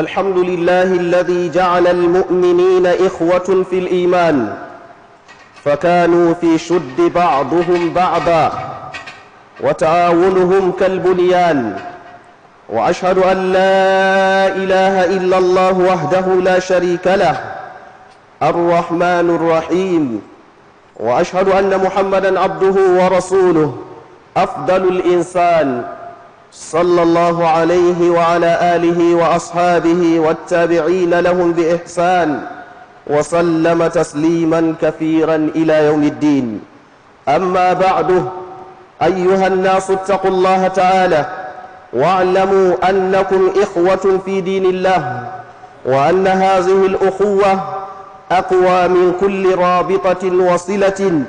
الحمد لله الذي جعل المؤمنين إخوة في الإيمان فكانوا في شد بعضهم بعضا وتعاونهم كالبنيان وأشهد أن لا إله إلا الله وحده لا شريك له الرحمن الرحيم وأشهد أن محمدًا عبده ورسوله أفضل الإنسان صلى الله عليه وعلى آله وأصحابه والتابعين لهم بإحسان وسلم تسليما كثيرا إلى يوم الدين أما بعده أيها الناس اتقوا الله تعالى واعلموا أنكم إخوة في دين الله وأن هذه الأخوة أقوى من كل رابطة وصلة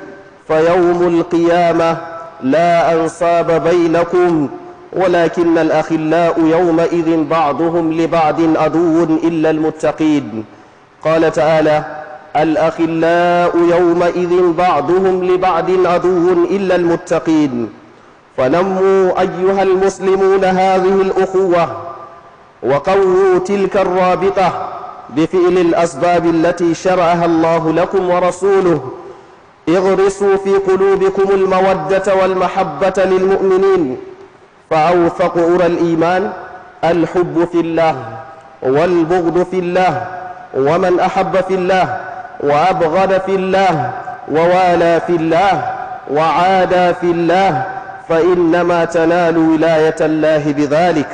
فيوم القيامة لا أنصاب بينكم ولكن الأخلاء يومئذ بعضهم لبعض عدو إلا المتقين قال تعالى الأخلاء يومئذ بعضهم لبعض عدو إلا المتقين فنموا أيها المسلمون هذه الأخوة وقووا تلك الرابطة بفعل الأسباب التي شرعها الله لكم ورسوله اغرسوا في قلوبكم المودة والمحبة للمؤمنين فأوثق أرى الإيمان الحب في الله والبغض في الله ومن أحب في الله وأبغض في الله ووالى في الله وعادى في الله فإنما تنال ولاية الله بذلك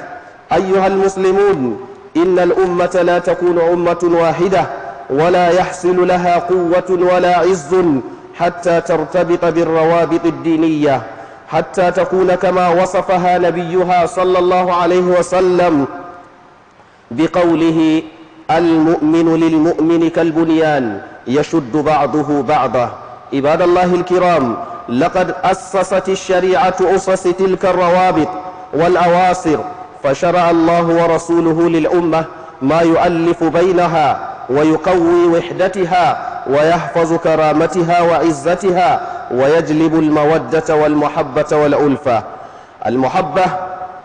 أيها المسلمون إن الأمة لا تكون أمة واحدة ولا يحصل لها قوة ولا عز حتى ترتبط بالروابط الدينية حتى تكون كما وصفها نبيها صلى الله عليه وسلم بقوله المؤمن للمؤمن كالبنيان يشد بعضه بعضا عباد الله الكرام لقد أسست الشريعة أسس تلك الروابط والأواصر فشرع الله ورسوله للأمة ما يؤلف بينها ويقوي وحدتها ويحفظ كرامتها وعزتها ويجلب المودة والمحبة والألفة المحبة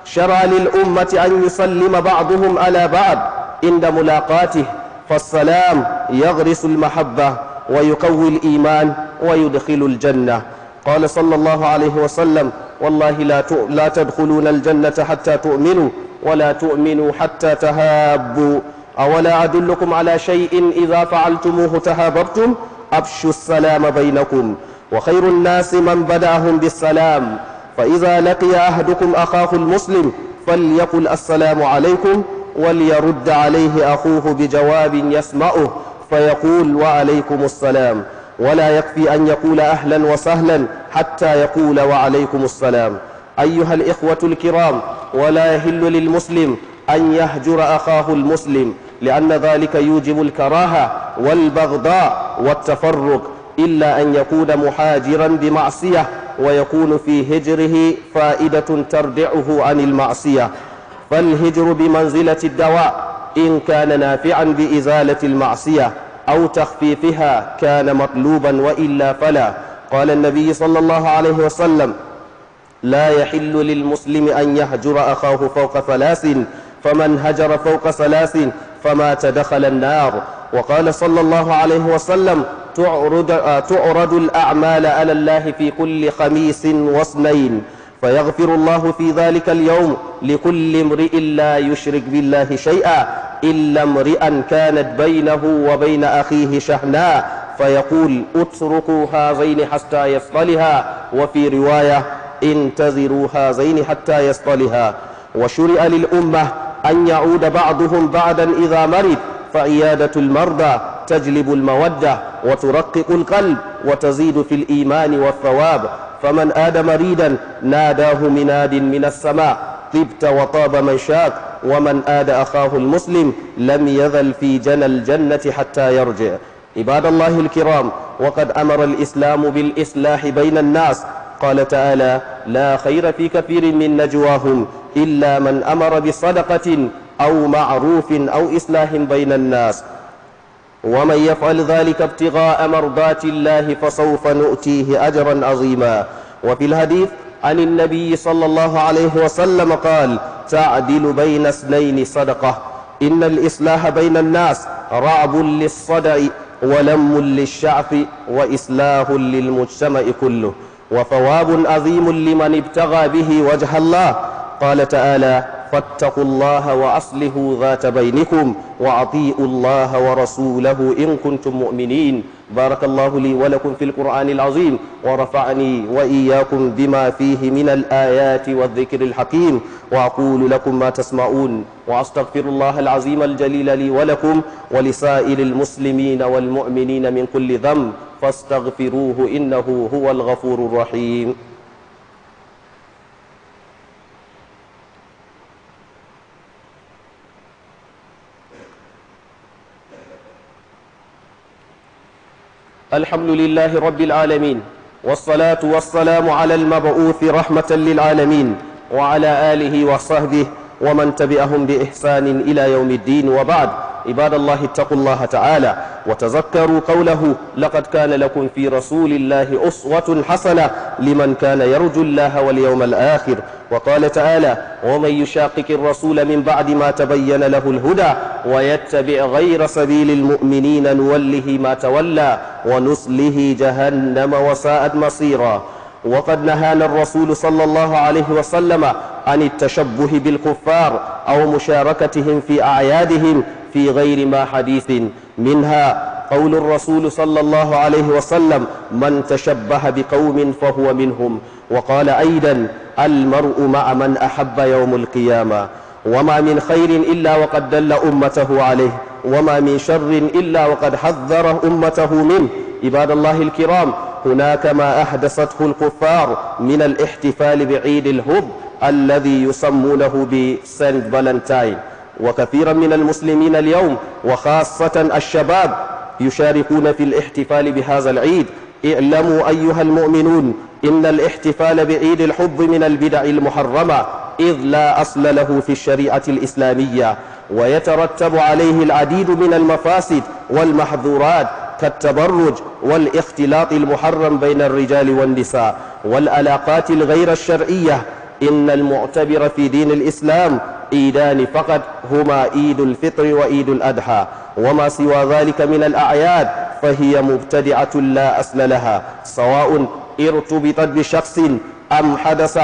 شرع للأمة أن يسلم بعضهم على بعض عند ملاقاته فالسلام يغرس المحبة ويقوي الإيمان ويدخل الجنة قال صلى الله عليه وسلم والله لا لا تدخلون الجنة حتى تؤمنوا ولا تؤمنوا حتى تهابوا أولا أدلكم على شيء إذا فعلتموه تهاببتم أبشوا السلام بينكم وخير الناس من بدأهم بالسلام فإذا لقي أحدكم أخاه المسلم فليقل السلام عليكم وليرد عليه أخوه بجواب يسمعه فيقول وعليكم السلام ولا يكفي أن يقول أهلا وسهلا حتى يقول وعليكم السلام أيها الإخوة الكرام ولا يهل للمسلم أن يهجر أخاه المسلم لأن ذلك يوجب الكراهة والبغضاء والتفرق إلا أن يكون محاجرا بمعصية ويكون في هجره فائدة تردعه عن المعصية فالهجر بمنزلة الدواء إن كان نافعا بإزالة المعصية أو تخفيفها كان مطلوبا وإلا فلا قال النبي صلى الله عليه وسلم لا يحل للمسلم أن يهجر أخاه فوق ثلاث فمن هجر فوق ثلاث فما تدخل النار وقال صلى الله عليه وسلم تعرض, تعرض الأعمال على الله في كل خميس واثنين فيغفر الله في ذلك اليوم لكل امرئ لا يشرك بالله شيئا إلا امرئا كانت بينه وبين أخيه شحناء فيقول اتركوا هذين حتى يصطلها وفي رواية انتظروا هذين حتى يصطلها وشرع للأمة أن يعود بعضهم بعدا إذا مرض فعيادة المرضى تجلب المودة وترقق القلب وتزيد في الإيمان والثواب فمن آد مريدا ناداه مناد من السماء طبت وطاب منشاك ومن آد أخاه المسلم لم يذل في جنى الجنة حتى يرجع عباد الله الكرام وقد أمر الإسلام بالإصلاح بين الناس قال تعالى لا خير في كثير من نجواهم إلا من أمر بصدقة أو معروف أو إصلاح بين الناس ومن يفعل ذلك ابتغاء مرضات الله فسوف نؤتيه أجرا عظيما وفي الحديث عن النبي صلى الله عليه وسلم قال تعدل بين اثنين صدقة إن الإصلاح بين الناس رعب للصدع ولم للشعف وإصلاح للمجتمع كله وثواب عظيم لمن ابتغى به وجه الله قال تعالى فاتقوا الله وأصلحوا ذات بينكم وأطيعوا الله ورسوله إن كنتم مؤمنين بارك الله لي ولكم في القرآن العظيم ورفعني وإياكم بما فيه من الآيات والذكر الحكيم وأقول لكم ما تسمعون وأستغفر الله العظيم الجليل لي ولكم ولسائر المسلمين والمؤمنين من كل ذنب فاستغفروه إنه هو الغفور الرحيم الحمد لله رب العالمين والصلاة والسلام على المبعوث رحمة للعالمين وعلى آله وصحبه ومن تبعهم بإحسان إلى يوم الدين وبعد عباد الله اتقوا الله تعالى وتذكروا قوله لقد كان لكم في رسول الله أسوة حسنة لمن كان يرجو الله واليوم الآخر وقال تعالى ومن يشاقق الرسول من بعد ما تبين له الهدى ويتبع غير سبيل المؤمنين نوله ما تولى ونصله جهنم وساءت مصيرا وقد نهانا الرسول صلى الله عليه وسلم عن التشبه بالكفار أو مشاركتهم في أعيادهم في غير ما حديث منها قول الرسول صلى الله عليه وسلم من تشبه بقوم فهو منهم وقال أيضا المرء مع من أحب يوم القيامة وما من خير إلا وقد دل أمته عليه وما من شر إلا وقد حذر أمته منه عباد الله الكرام هناك ما أحدثته الكفار من الاحتفال بعيد الهب الذي يسمونه بسانت فالنتاين وكثيرا من المسلمين اليوم وخاصة الشباب يشاركون في الاحتفال بهذا العيد اعلموا أيها المؤمنون إن الاحتفال بعيد الحب من البدع المحرمة إذ لا أصل له في الشريعة الإسلامية ويترتب عليه العديد من المفاسد والمحظورات كالتبرج والاختلاط المحرم بين الرجال والنساء والعلاقات الغير الشرعية إن المعتبر في دين الإسلام إيدان فقط هما إيد الفطر وإيد الأدحى وما سوى ذلك من الأعياد فهي مبتدعة لا أصل لها سواء ارتبطت بشخص أم حدث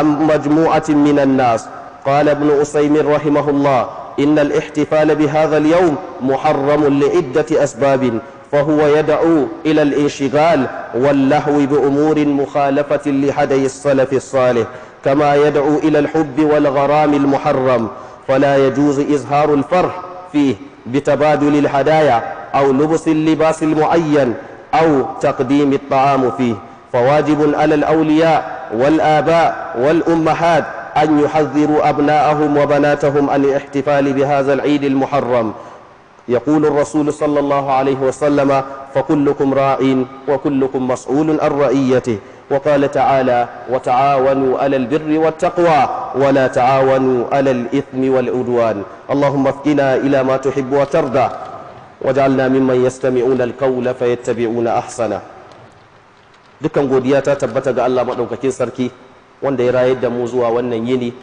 أم مجموعة من الناس قال ابن أسيم رحمه الله إن الاحتفال بهذا اليوم محرم لعدة أسباب فهو يدعو إلى الانشغال واللهو بأمور مخالفة لحدي السلف الصالح كما يدعو إلى الحب والغرام المحرم فلا يجوز إظهار الفرح فيه بتبادل الهدايا أو لبس اللباس المعين أو تقديم الطعام فيه فواجب على الأولياء والآباء والأمهات أن يحذروا أبناءهم وبناتهم عن الاحتفال بهذا العيد المحرم يقول الرسول صلى الله عليه وسلم فكلكم راع وكلكم مسؤول عن رعيته وقال تعالى وتعاونوا على البر والتقوى ولا تعاونوا على الإثم والعدوان اللهم افقنا إلى ما تحب وترضى وجعلنا ممن يستمعون القول فيتبعون أحسنه dukkan godiya ta tabbata ga Allah maɗaukakin sarki wanda ya rayar da mu zuwa wannan yini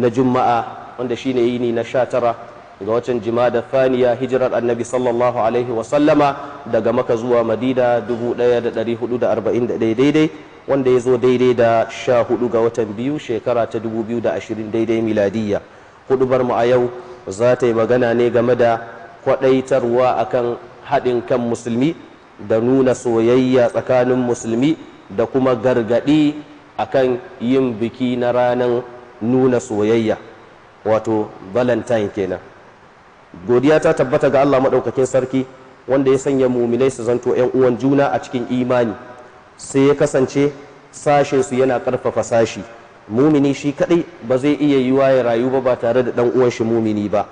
na juma'a wanda shine yini na sha tara daga watan jimada faniya hijirar annabi sallallahu alaihi wasallama daga maka zuwa madina 1441 daidai wanda ya zo daidai da sha hudu ga watan biyu shekara ta 2020 daidai miladiyya hudubar mu a yau za ta yi magana ne game da kwadaitarwa akan haɗin kan musulmi da nuna soyayya tsakanin musulmi da kuma gargaɗi akan yin biki na ranar nuna soyayya wato valentine kenan godiya ta tabbata ga Allah maɗaukakin sarki wanda ya sanya muminai su zanto 'yan uwan juna a cikin imani sai ya kasance sashensu yana karfafa sashi mumini shi kaɗai ba zai iya yiwa ya rayu ba ba tare da ɗan uwan shi mumini ba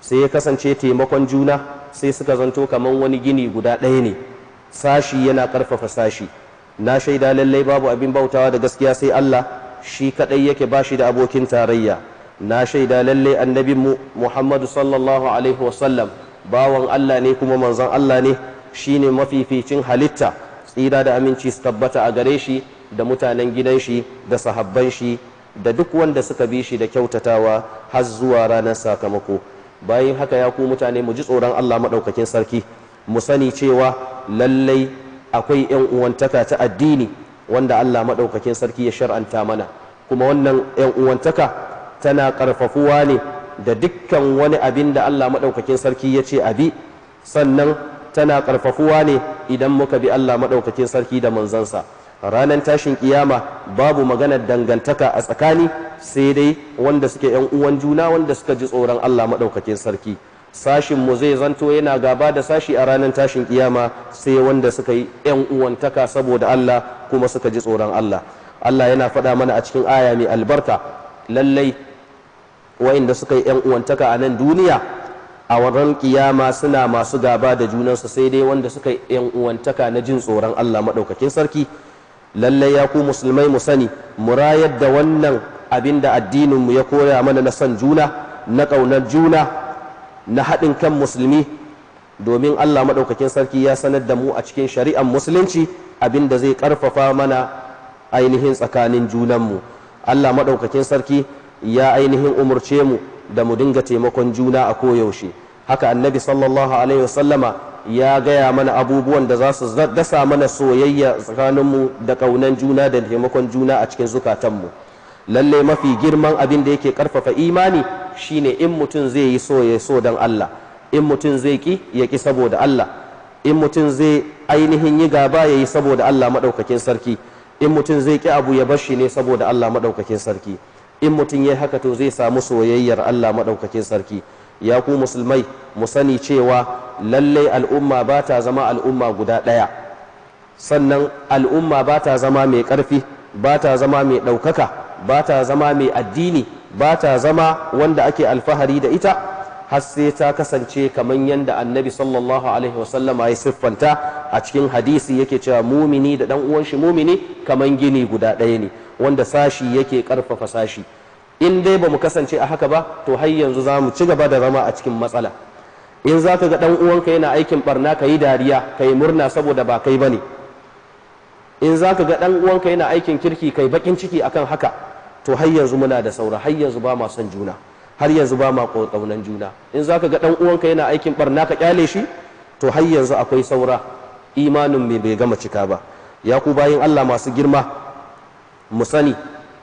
sai ya kasance taimakon juna sai suka zanto kamar wani gini guda ɗaya ne sashi yana karfafa sashi na shaida lallai babu abin bautawa da gaskiya sai Allah shi kaɗai yake bashi da abokin tarayya na shaida lalle annabinmu muhammadu sallallahu alaihi wasallam bawan allah ne kuma manzon allah ne shine mafificin halitta tsira da aminci su tabbata a gare shi da mutanen gidan shi da sahabban shi da duk wanda suka bi shi da kyautatawa har zuwa ranar sakamako bayan haka ya ku mutane mu ji tsoron allah maɗaukakin sarki mu sani cewa lallai akwai 'yan uwantaka ta addini wanda allah maɗaukakin sarki ya shar'anta mana kuma wannan 'yan uwantaka tana ƙarfafuwa ne da dukkan wani abin da Allah maɗaukakin sarki ya ce abi sannan tana ƙarfafuwa ne idan muka bi Allah maɗaukakin sarki da manzansa ranar tashin kiyama babu maganar dangantaka a tsakani sai dai wanda suke yan uwan juna wanda suka ji tsoron Allah maɗaukakin sarki sashin mu zai zanto yana gaba da sashi a ranar tashin kiyama sai wanda suka yi yan uwantaka saboda Allah kuma suka ji tsoron Allah Allah yana faɗa mana a cikin aya mai albarka lallai wa'inda suka yi 'yan uwantaka a nan duniya a wajen kiyama suna masu gaba da junansu sai dai wanda suka yi 'yan uwantaka na jin tsoron Allah maɗaukakin sarki lallai ya ku musulmai mu sani mu rayar da wannan abin da addininmu ya koya mana na son juna na ƙaunar juna na haɗin kan musulmi domin Allah maɗaukakin sarki ya sanar da mu a cikin shari'ar musulunci abin da zai ƙarfafa mana ainihin tsakanin junanmu Allah maɗaukakin sarki ya ainihin umarce mu da mu dinga taimakon juna a koyaushe haka annabi sallallahu alaihi wasallama ya gaya mana abubuwan da za su dasa mana soyayya tsakanin mu da ƙaunan juna da taimakon juna a cikin zukatan mu lalle mafi girman abin da yake karfafa imani shine in mutum zai yi so ya so don Allah in mutum zai ki ya ki saboda Allah in mutum zai ainihin yi gaba ya yi saboda Allah maɗaukakin sarki in mutum zai ki abu ya bashi ne saboda Allah maɗaukakin sarki in mutum ya haka to zai samu soyayyar Allah maɗaukakin sarki ya ku musulmai mu sani cewa lallai al'umma ba ta zama al'umma guda ɗaya sannan al'umma ba ta zama mai ƙarfi ba ta zama mai ɗaukaka ba ta zama mai addini ba ta zama wanda ake alfahari da ita har sai ta kasance kamar yadda annabi sallallahu alaihi wasallama ya siffanta a cikin hadisi yake cewa mumini da ɗan uwan shi mumini kamar gini guda ɗaya ne wanda sashi yake karfafa sashi in dai ba mu kasance a haka ba to har yanzu za mu ci gaba da zama a cikin matsala in za ka ga dan uwanka yana aikin barna ka yi dariya ka yi murna saboda ba kai ba ne in za ka ga dan uwanka yana aikin kirki kai bakin ciki akan haka to har yanzu muna da saura har yanzu ba ma son juna har yanzu ba ma ƙaunan juna in za ka ga dan uwanka yana aikin barna ka kyale shi to har yanzu akwai saura imanin mai bai gama cika ba ya ku bayin Allah masu girma mu sani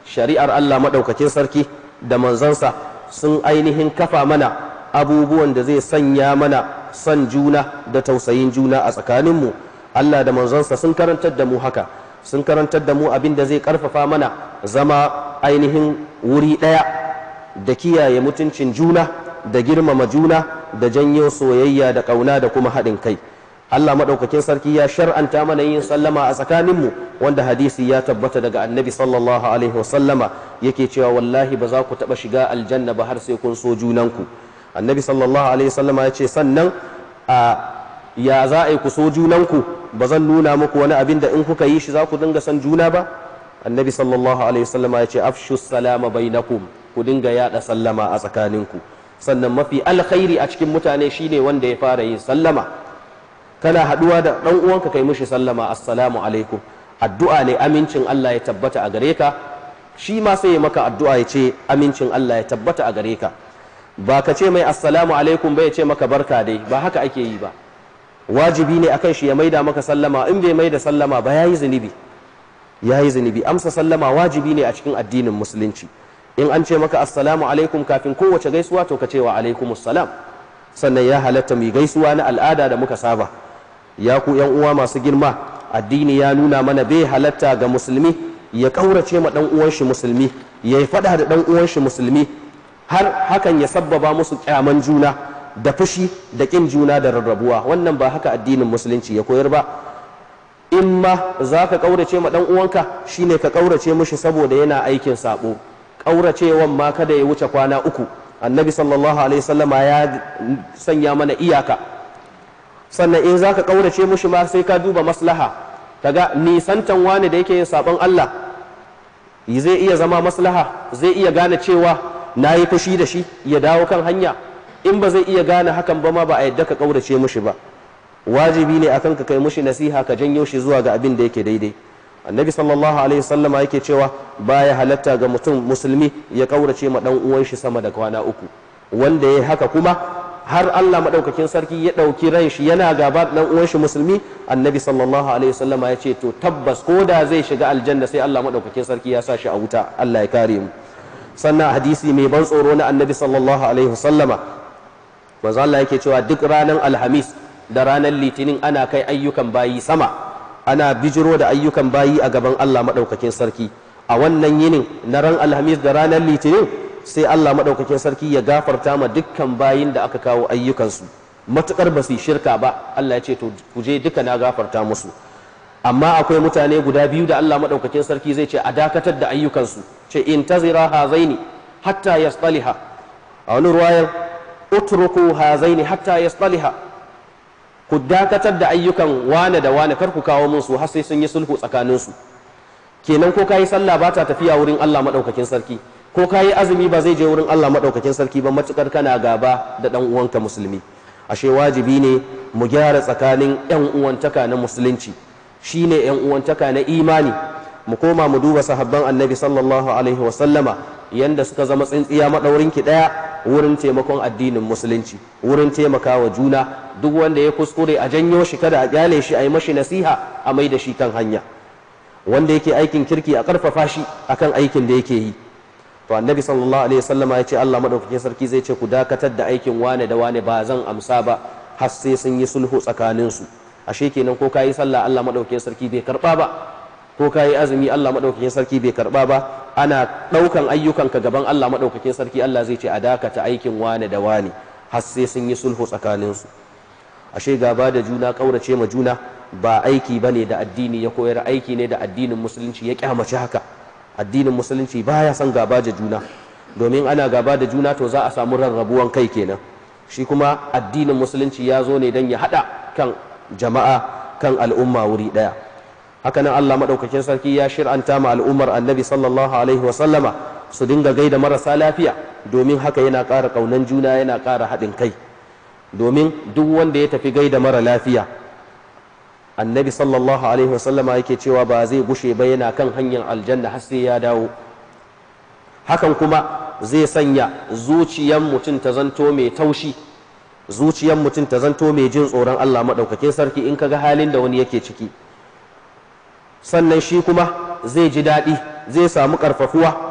shari'ar Allah maɗaukakin sarki da manzansa sun ainihin kafa mana abubuwan da zai sanya mana son juna da tausayin juna a tsakaninmu Allah da manzansa sun karantar da mu haka sun karantar da mu abin da zai karfafa mana zama ainihin wuri ɗaya da kiyaye mutuncin juna da girmama juna da janyo soyayya da ƙauna da kuma haɗin kai Allah maɗaukakin sarki ya shar'anta mana yin sallama a tsakaninmu wanda hadisi ya tabbata daga annabi sallallahu alaihi wasallama yake cewa wallahi ba za ku taba shiga aljanna ba har sai kun so junanku annabi sallallahu alaihi wasallama ya ce sannan a ya za a yi ku so junanku ba zan nuna muku wani abin da in kuka yi shi za ku dinga san juna ba annabi sallallahu alaihi wasallama ya ce afshu salama bainakum ku dinga yada sallama a tsakaninku sannan mafi alkhairi a cikin mutane shine wanda ya fara yin sallama kana haduwa da dan uwanka kai mishi sallama assalamu alaikum addu'a ne amincin Allah ya tabbata a gare ka shi ma sai ya maka addu'a ya ce amincin Allah ya tabbata a gare ka ba ka ce mai assalamu alaikum ba ya ce maka barka dai ba haka ake yi ba wajibi ne akan shi ya maida maka sallama in bai maida sallama ba yayi zunubi yayi zunubi amsa sallama wajibi ne a cikin addinin musulunci in an ce maka assalamu alaikum kafin kowace gaisuwa to ka ce wa alaikumus salam sannan ya halatta mu gaisuwa na al'ada da muka saba ya ku yan uwa masu girma addini ya nuna mana bai halatta ga musulmi ya kaurace ma dan uwan shi musulmi ya yi fada da dan uwan shi musulmi har hakan ya sabbaba musu kyaman juna da fushi da kin juna da rarrabuwa wannan ba haka addinin musulunci ya koyar ba in ma za ka kaurace ma dan uwanka shine ka kaurace mishi saboda yana aikin sabo kauracewan ma kada ya wuce kwana uku annabi sallallahu alaihi wasallama ya sanya mana iyaka sannan in zaka ƙaurace mushi ma sai ka duba maslaha ga nisantan wani da yake yin sabon Allah zai iya zama maslaha zai iya gane cewa na yi fushi da shi ya dawo kan hanya in ba zai iya gane hakan ba ma ba a yadda ka kaurace mushi ba wajibi ne akan ka kai mushi nasiha ka janyo shi zuwa ga abin da yake daidai annabi sallallahu alaihi wasallama yake cewa baya halatta ga mutum musulmi ya ƙaurace ma dan uwan shi sama da kwana uku wanda ya haka kuma har Allah maɗaukakin sarki ya ɗauki ran shi yana gaba ɗan dan uwan shi musulmi annabi sallallahu alaihi wasallama ya ce to tabbas ko da zai shiga aljanna sai Allah madaukakin sarki ya sa shi a wuta Allah ya kare mu sannan hadisi mai ban tsoro na annabi sallallahu alaihi wasallama manzo Allah yake cewa duk ranar alhamis da ranar litinin ana kai ayyukan bayi sama ana bijiro da ayyukan bayi a gaban Allah maɗaukakin sarki a wannan yinin na ran alhamis da ranar litinin sai Allah maɗaukakin sarki ya gafarta ma dukkan bayin da aka kawo ayyukansu matukar ba su shirka ba Allah ya ce to ku je duka na gafarta musu amma akwai mutane guda biyu da Allah maɗaukakin sarki zai ce a dakatar da ayyukansu ce in tazira hazaini hatta ya tsaliha a wani ruwayar utruku hazaini hatta ya tsaliha ku dakatar da ayyukan wane da wane kar ku kawo musu har sai sun yi sulhu tsakaninsu kenan ko ka yi sallah ba ta tafiya wurin Allah maɗaukakin sarki ko ka yi azumi ba zai je wurin Allah maɗaukakin sarki ba matuƙar kana gaba da ɗan uwanka musulmi ashe wajibi ne mu gyara tsakanin ƴan uwantaka na musulunci shi ne ƴan uwantaka na imani mu koma mu duba sahabban annabi sallallahu alaihi wa sallama yanda suka zama tsintsiya maɗaurin ki ɗaya wurin taimakon addinin musulunci wurin taimaka wa juna duk wanda ya kuskure a janyo shi kada a kyale shi a yi mashi nasiha a mai da shi kan hanya wanda yake aikin kirki a ƙarfafa shi akan aikin da yake yi to annabi sallallahu alaihi wasallama ya ce Allah madaukake sarki zai ce ku dakatar da aikin wane da wane ba zan amsa ba har sai sun yi sulhu tsakanin su ashe kenan ko kayi sallah Allah madaukake sarki bai karba ba ko kayi azumi Allah madaukake sarki bai karba ba ana daukan ka gaban Allah madaukake sarki Allah zai ce a dakata aikin wane da wane har sai sun yi sulhu tsakanin su ashe gaba da juna kaurace ma juna ba aiki bane da addini ya koyar aiki ne da addinin musulunci ya kyamace haka addinin musulunci baya son gaba da juna domin ana gaba da juna to za a samu rarrabuwan kai kenan shi kuma addinin musulunci ya zo ne don ya haɗa kan jama'a kan al'umma wuri ɗaya hakanan Allah maɗaukakin sarki ya shir'anta ma al'ummar annabi sallallahu alaihi wa sallama su dinga gaida marasa lafiya domin haka yana ƙara ƙaunan juna yana ƙara haɗin kai domin duk wanda ya tafi gaida mara lafiya annabi sallallahu alaihi wasallama yake cewa ba zai gushe ba yana kan hanyar aljanna har sai ya dawo hakan kuma zai sanya zuciyar mutum ta zanto mai taushi zuciyar mutum ta zanto mai jin tsoron Allah maɗaukakin sarki in kaga halin da wani yake ciki sannan shi kuma zai ji daɗi zai samu ƙarfafuwa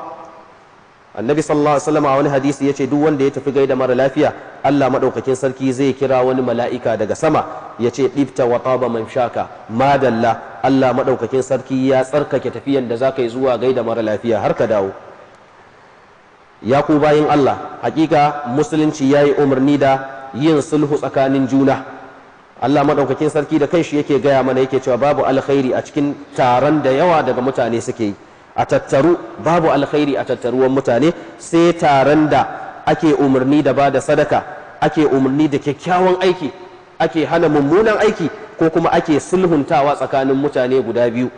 annabi sallallahu alaihi wasallam a wani hadisi yace duk wanda ya tafi gaida mara lafiya Allah madaukakin sarki zai kira wani mala'ika daga sama yace dibta wa taba man shaka madalla Allah madaukakin sarki ya tsarkake tafiyan da zaka yi zuwa gaida mara lafiya har ka dawo ya ku bayin Allah hakika musulunci yayi umarni da yin sulhu tsakanin juna Allah madaukakin sarki da kanshi yake gaya mana yake cewa babu alkhairi a cikin taron da yawa daga mutane suke yi a tattaru babu alkhairi a tattaruwan mutane sai taron da ake umarni da ba da sadaka ake umarni da kyakkyawan aiki ake hana mummunan aiki ko kuma ake sulhuntawa tsakanin mutane guda biyu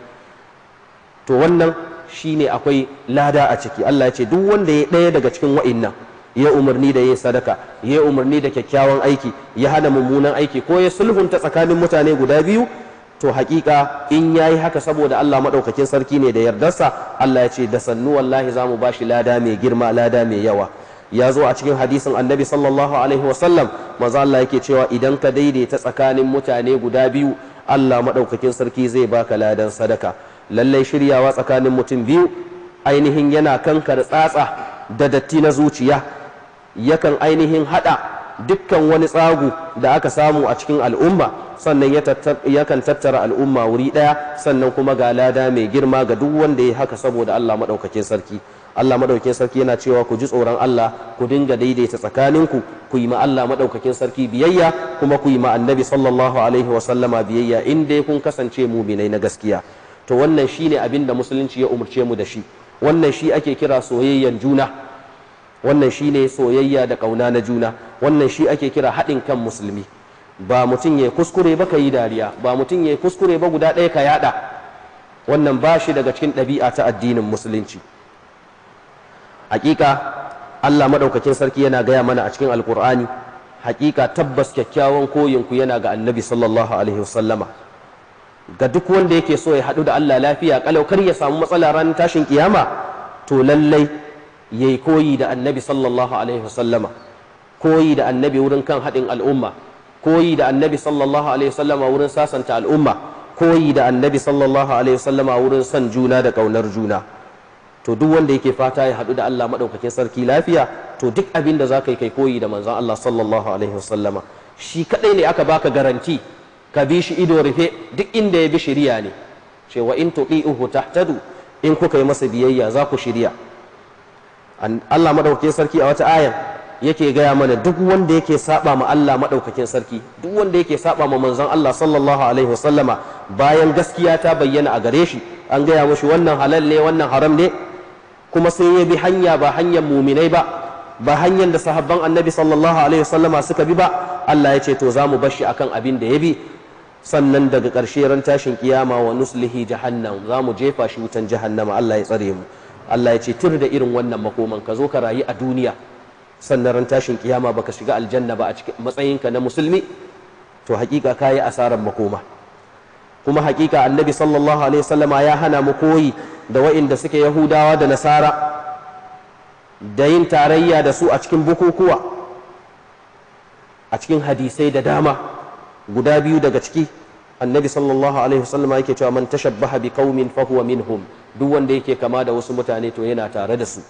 to wannan shine akwai lada a ciki Allah ya ce duk wanda ya ɗaya daga cikin wa'innan ya umarni da ya sadaka ya umarni da kyakkyawan aiki ya hana mummunan aiki ko ya sulhunta tsakanin mutane guda biyu to hakika in yayi haka saboda Allah madaukakin sarki ne da yardarsa Allah ya ce da sannu wallahi zamu bashi lada mai girma lada mai yawa ya zo a cikin hadisin annabi sallallahu alaihi wasallam maza Allah yake cewa idan ka daidaita tsakanin mutane guda biyu Allah madaukakin sarki zai baka ladan sadaka lallai shiryawa tsakanin mutum biyu ainihin yana kankar tsatsa da datti na zuciya yakan ainihin hada dukkan wani tsagu da aka samu a cikin al'umma sannan yakan tattara al'umma wuri ɗaya sannan kuma ga lada mai girma ga duk wanda ya haka saboda Allah maɗaukakin sarki Allah maɗaukakin sarki yana cewa ku ji tsoron Allah ku dinga daidaita tsakaninku ku yi ma Allah maɗaukakin sarki biyayya kuma ku yi ma annabi sallallahu alaihi wasallama biyayya in dai kun kasance muminai na gaskiya to wannan shine abin da musulunci ya umarce mu da shi wannan shi ake kira soyayyen juna wannan shi ne soyayya da ƙauna na juna wannan shi ake kira haɗin kan musulmi ba mutum ya kuskure ba ka yi dariya ba mutum ya kuskure ba guda ɗaya ka yaɗa wannan ba shi daga cikin ɗabi'a ta addinin musulunci haƙiƙa Allah maɗaukakin sarki yana gaya mana a cikin alkur'ani haƙiƙa tabbas kyakkyawan koyinku yana ga annabi sallallahu alaihi wasallama ga duk wanda yake so ya haɗu da Allah lafiya kalau kar ya samu matsala ranar tashin kiyama to lallai yayi koyi da annabi sallallahu alaihi wasallama koyi da annabi wurin kan haɗin al'umma koyi da annabi sallallahu alaihi wasallama wurin sasanta al'umma koyi da annabi sallallahu alaihi wasallama wurin son juna da ƙaunar juna to duk wanda yake fata ya haɗu da Allah maɗaukakin sarki lafiya to duk abin da za ka yi kai koyi da manzon Allah sallallahu alaihi wasallama shi kaɗai ne aka baka garanti ka bi shi ido rufe duk inda ya bi shiriya ne cewa in tuqi'uhu tahtadu in kuka yi masa biyayya za ku shirya Allah madaukakin sarki a wata ayan yake gaya mana duk wanda yake saba ma Allah madaukakin sarki duk wanda yake saba ma manzon Allah sallallahu alaihi wasallama bayan gaskiya ta bayyana a gare shi an gaya mashi wannan halal ne wannan haram ne kuma sai ya bi hanya ba hanyar muminai ba ba hanyar da sahabban annabi sallallahu alaihi wasallama suka bi ba Allah ya ce to za mu bashi akan abin da ya bi sannan daga ƙarshe ran tashin kiyama wa nuslihi jahannam za mu jefa shi wutan jahannama Allah ya tsare mu Allah ya ce tur da irin wannan makoman ka zo ka rayu a duniya sannan ran tashin kiyama baka shiga aljanna ba a cikin matsayinka na musulmi to hakika kayi asaran makoma kuma hakika annabi sallallahu alaihi wasallama ya hana mu koyi da wa'inda suke yahudawa da nasara da yin tarayya da su a cikin bukukuwa a cikin hadisai da dama guda biyu daga ciki annabi sallallahu alaihi wasallama yake cewa man tashabbaha bi qaumin fa huwa minhum duk wanda yake kama da wasu mutane to yana tare da su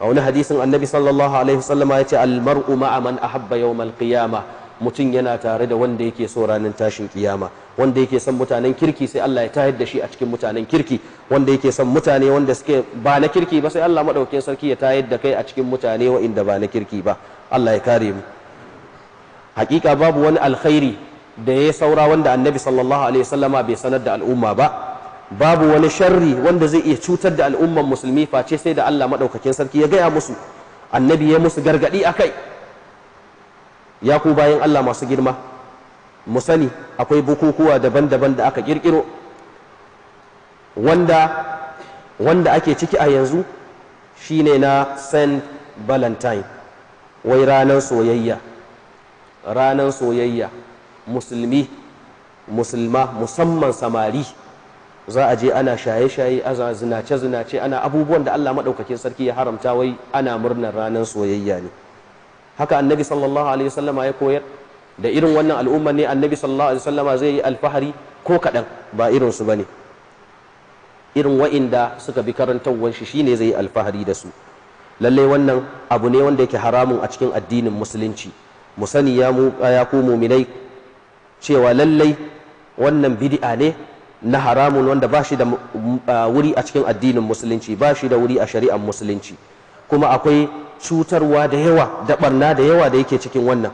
a wani hadisin annabi sallallahu alaihi wasallama ya ce almar'u ma'a man ahabba yawmal qiyama mutum yana tare da wanda yake so ranar tashin kiyama wanda yake son mutanen kirki sai Allah ya tayar da shi a cikin mutanen kirki wanda yake son mutane wanda suke ba na kirki ba sai Allah madaukakin sarki ya tayar da kai a cikin mutane wa'inda ba na kirki ba Allah ya kare mu hakika babu wani alkhairi da ya saura wanda annabi sallallahu alaihi wasallama bai sanar da al'umma ba babu wani sharri wanda zai iya cutar da al'umman musulmi face sai da Allah maɗaukakin sarki ya gaya musu annabi ya musu gargaɗi a kai ya ku bayan Allah masu girma musani akwai bukukuwa daban-daban da aka ƙirƙiro wanda wanda ake ciki a yanzu shine na saint Valentine wai ranar soyayya ranar soyayya musulmi musulma musamman samari za a je ana shaye-shaye ana zinace-zinace ana abubuwan da Allah maɗaukakin sarki ya haramta wai ana murnar ranar soyayya ne haka annabi sallallahu alaihi wasallama ya koyar da irin wannan al'umma ne annabi sallallahu alaihi wasallama zai yi alfahari ko kaɗan ba irinsu su bane irin wa'inda suka bi karantawan shi shine zai yi alfahari da su lalle wannan abu ne wanda yake haramun a cikin addinin musulunci musani sani ya ya muminai cewa lallai wannan bid'a ne na haramun wanda ba shi da wuri a cikin addinin musulunci ba shi da wuri a shari'ar musulunci kuma akwai cutarwa da yawa da barna da yawa da yake cikin wannan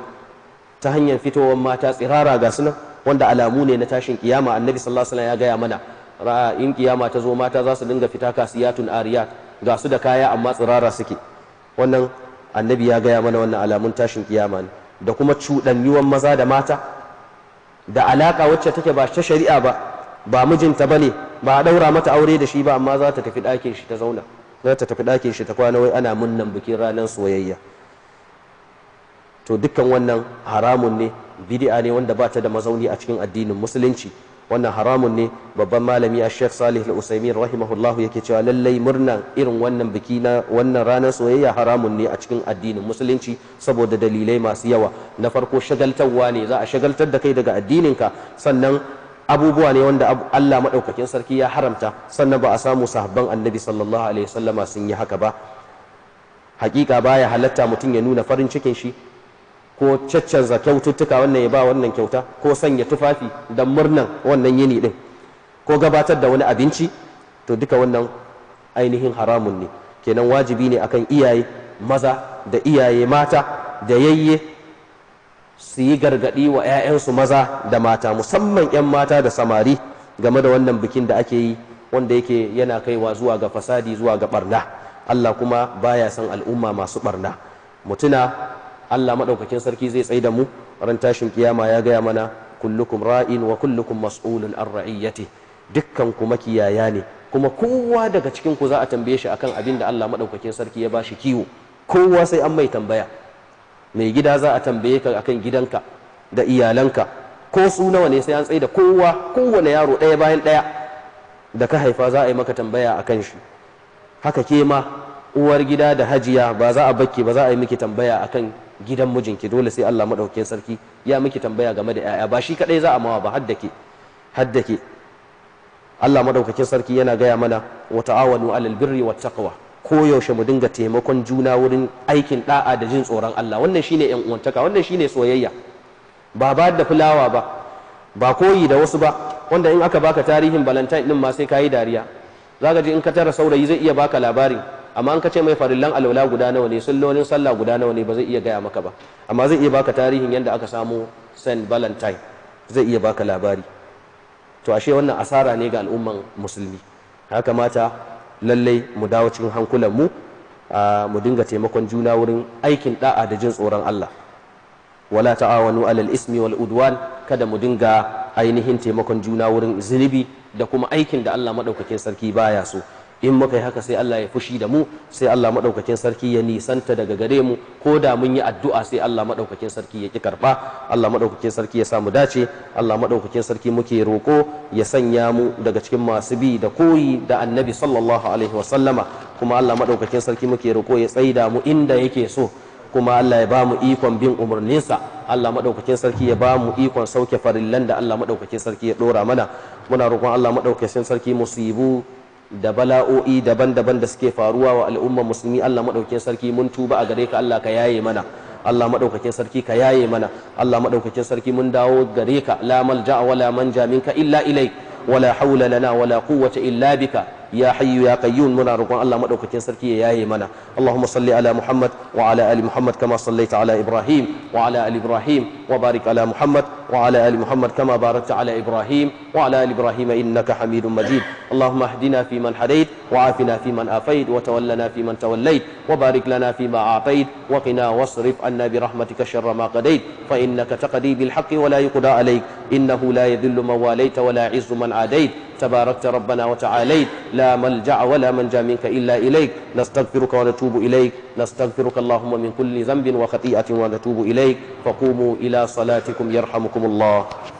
ta hanyar fitowar mata tsirara ga suna wanda alamu ne na tashin kiyama annabi sallallahu alaihi ya gaya mana in kiyama ta zo mata za su dinga fita kasiyatun ariya. ga su da kaya amma tsirara suke wannan annabi ya gaya mana wannan alamun tashin kiyama ne da kuma cuɗanyuwan maza da mata da alaka wacce take ba ta shari'a ba ba mijinta ba ne ba a daura mata aure da shi ba amma za ta tafi ɗakin shi ta zauna za ta tafi ɗakin shi ta kwana wai ana munnan bikin ranar soyayya to dukkan wannan haramun ne bid'a ne wanda ba ta da mazauni a cikin addinin musulunci wannan haramun ne babban malami a shek salih al-usaimin rahimahullah yake cewa lallai murna irin wannan biki na wannan ranar soyayya haramun ne a cikin addinin musulunci saboda dalilai masu yawa na farko shagaltarwa ne za a shagaltar da kai daga addininka sannan abubuwa ne wanda Allah maɗaukakin sarki ya haramta sannan ba a samu sahabban annabi sallallahu alaihi wasallama sun yi haka ba hakika baya halatta mutum ya nuna farin cikin shi ko caccanza kyaututtuka wannan ya ba wannan kyauta ko sanya tufafi da murnan wannan yini din ko gabatar da wani abinci to duka wannan ainihin haramun ne kenan wajibi ne akan iyaye maza da iyaye mata da yayye su yi gargaɗi wa 'ya'yansu maza da mata musamman 'yan mata da samari game da wannan bikin da ake yi wanda yake yana kaiwa zuwa ga fasadi zuwa ga barna Allah kuma baya san al'umma masu barna mutuna Allah maɗaukakin sarki zai tsai da mu ran tashin kiyama ya gaya mana kullukum ra'in wa kullukum mas'ulun an ra'iyyati dukkan ku makiyaya ne kuma kowa daga cikin ku za a tambaye shi akan abin da Allah maɗaukakin sarki ya bashi kiwo kowa sai an mai tambaya mai gida za a tambaye ka akan gidanka da iyalanka ko su nawa ne sai an tsaye da kowa kowane yaro ɗaya bayan ɗaya da ka haifa za a yi maka tambaya a kan shi haka ke ma uwar gida da hajiya ba za a bakke ba za a yi miki tambaya a kan gidan mijinki dole sai Allah madaukakin sarki ya miki tambaya game da yaya ba shi kadai za a mawa ba haddake haddake Allah maɗaukakin sarki yana gaya mana wa ta'awanu alal birri wa taqwa koyaushe mu dinga taimakon juna wurin aikin da'a da jin tsoron Allah wannan shine yan uwantaka wannan shine soyayya ba ba da fulawa ba ba koyi da wasu ba wanda in aka baka tarihin valentine din ma sai kayi dariya zaka ji in ka tara saurayi zai iya baka labari amma in ka ce mai farillan alwala guda nawa ne sallolin sallah guda nawa ne ba zai iya gaya maka ba amma zai iya baka tarihin yadda aka samu saint valentine zai iya baka labari to ashe wannan asara ne ga al'umman musulmi haka mata lallai mu dawo cikin hankulan mu mu dinga taimakon juna wurin aikin da'a da jin tsoron Allah wala ta'awanu alal ismi wal udwan kada mu dinga ainihin taimakon juna wurin zunubi da kuma aikin da Allah madaukakin sarki baya so in muka yi haka sai Allah ya fushi da mu sai Allah maɗaukakin sarki ya nisanta daga gare mu ko da mun yi addu'a sai Allah maɗaukacin sarki ya ki karɓa Allah madaukakin sarki ya samu dace Allah maɗaukacin sarki muke roko ya sanya mu daga cikin masu bi da koyi da annabi sallallahu alaihi wa sallama kuma Allah madaukakin sarki muke roko ya tsaida mu inda yake so kuma Allah ya ba mu ikon bin umarninsa Allah maɗaukakin sarki ya ba mu ikon sauke farillan da Allah maɗaukakin sarki ya ɗora mana muna roƙon Allah maɗaukakin sarki musibu da bala'o'i daban-daban da suke faruwa wa al'ummar musulmi Allah maɗaukakin sarki mun tuba a gare ka Allah ka yaye mana Allah maɗaukakin sarki ka yaye mana Allah maɗaukakin sarki mun dawo gare ka la malja'a wala manja minka illa ilai wala haula lana wala quwwata illa bika ya hayyu ya qayyum muna roƙon Allah madaukakin sarki ya yaye mana Allahumma salli ala Muhammad wa ala ali Muhammad kama sallaita ala Ibrahim wa ala ali Ibrahim wa barik ala Muhammad wa ala ali Muhammad kama barakta ala Ibrahim wa ala ali Ibrahim innaka Hamidum Majid Allahumma ihdina fi man hadait wa afina fi man afait wa tawallana fi man tawallait wa barik lana fi ma atait wa qina wasrif anna bi rahmatika sharra ma qadait fa innaka taqdi bil haqqi wa la yuqda alayk innahu la yadhillu man walayta wa la ya'izzu man adait تباركت ربنا وتعاليت لا ملجأ ولا منجا منك إلا إليك نستغفرك ونتوب إليك نستغفرك اللهم من كل ذنب وخطيئة ونتوب إليك فقوموا إلى صلاتكم يرحمكم الله